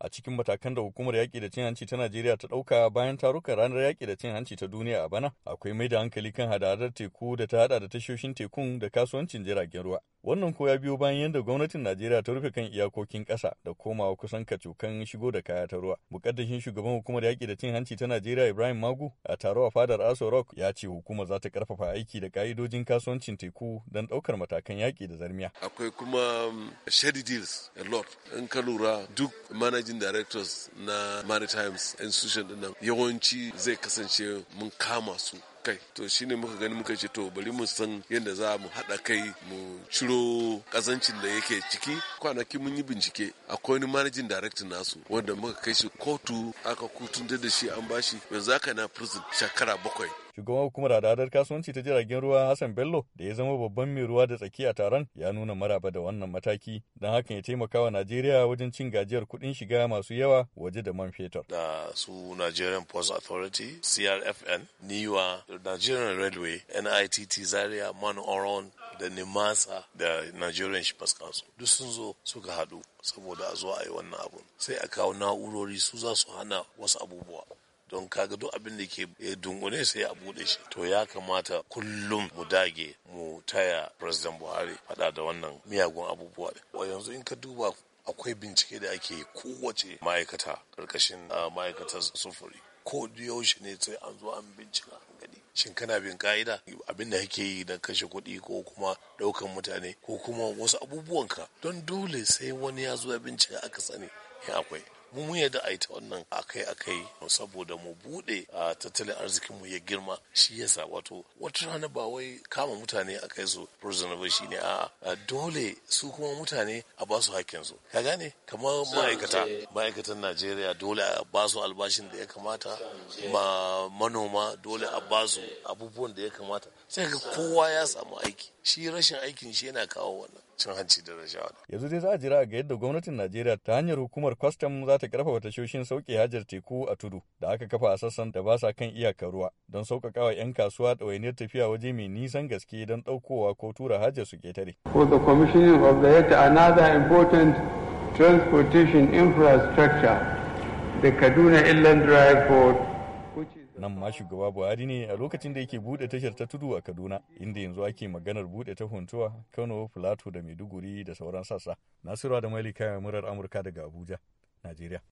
a cikin matakan da hukumar yaƙi da cin hanci ta Najeriya ta ɗauka bayan tarukan ranar yaƙi da cin hanci ta duniya a bana akwai mai da hankali kan hada-hadar teku da ta hada da tashoshin tekun da kasuwancin jiragen ruwa. Wannan ko ya biyo bayan yadda gwamnatin Najeriya ta rufe kan iyakokin kasa da komawa kusan kacokan shigo da kaya ta ruwa. Mukaddashin shugaban hukumar yaƙi da cin hanci ta Najeriya Ibrahim Magu a taro a fadar Aso Rock ya ce hukumar za ta ƙarfafa aiki da ƙa'idojin kasuwancin teku don ɗaukar matakan yaƙi da zarmiya. Akwai kuma um, shady deals a lot. In ka lura duk managing directors na maritime institution ɗin yawanci zai kasance mun kama su kai to shine muka gani muka ce to bari mu san yadda za mu haɗa kai mu ciro kazancin da yake ciki kwanaki mun yi bincike akwai wani manajin director nasu wanda muka kai shi kotu aka kutunta da shi an bashi yanzu aka na prison shekara bakwai shugaban hukumar hadadar kasuwanci ta jiragen ruwa Hassan Bello da ya zama babban mai ruwa da tsaki a taron ya nuna maraba da wannan mataki don hakan ya taimaka wa Najeriya wajen cin gajiyar kuɗin shiga masu yawa waje da man fetur. Da su Nigerian Ports Authority, CRFN, NIWA, Nigerian Railway, NITT Zaria, Man Oron, da Nimasa da Nigerian Shippers Council duk sun zo suka haɗu saboda a zuwa a yi wannan abun sai a kawo na'urori su za su hana wasu abubuwa don ka ga duk abin da ke eh, dungune sai a bude shi to ya kamata kullum mu dage mu taya president buhari faɗa da wannan miyagun abubuwa yanzu in ka duba akwai bincike da ake kowace ma'aikata ƙarƙashin ah, ma'aikatar sufuri ko yaushe ne sai an zo an bincika gani shin kana bin ka'ida abin da kake yi don kashe kuɗi ko kuma ɗaukan mutane ko kuma wasu abubuwanka don dole sai wani ya zo abinci bincika aka sani ya akwai mu mun yadda a yi ta wannan akai akai saboda mu bude a tattalin arzikin mu ya girma shi yasa wato wata rana ba wai kama mutane a kai su prisoner ba ne a dole su kuma mutane a ba su hakkin su ka gane kamar ma'aikata ma'aikatan Najeriya dole a ba su albashin da ya kamata ma manoma dole a ba su abubuwan da ya kamata sai ga kowa ya samu aiki shi rashin aikin shi yana kawo wannan cin hanci da rashawa. Yanzu dai za a jira ga yadda gwamnatin Najeriya ta hanyar hukumar kwastam za ta karfafa tashoshin sauke hajar teku a tudu da aka kafa a sassan da ba sa kan iyakar ruwa don sauƙaƙawa 'yan kasuwa da wainiyar tafiya waje mai nisan gaske don ɗaukowa ko tura hajar su ƙetare. For the commissioning of the yet another important transportation infrastructure, the Kaduna Inland Drive for nan ma shugaba buhari ne a lokacin da yake bude tashar ta tudu a kaduna inda yanzu ake maganar bude ta huntuwa kano filato da maiduguri da sauran sassa nasiru da malika murar amurka daga abuja najeriya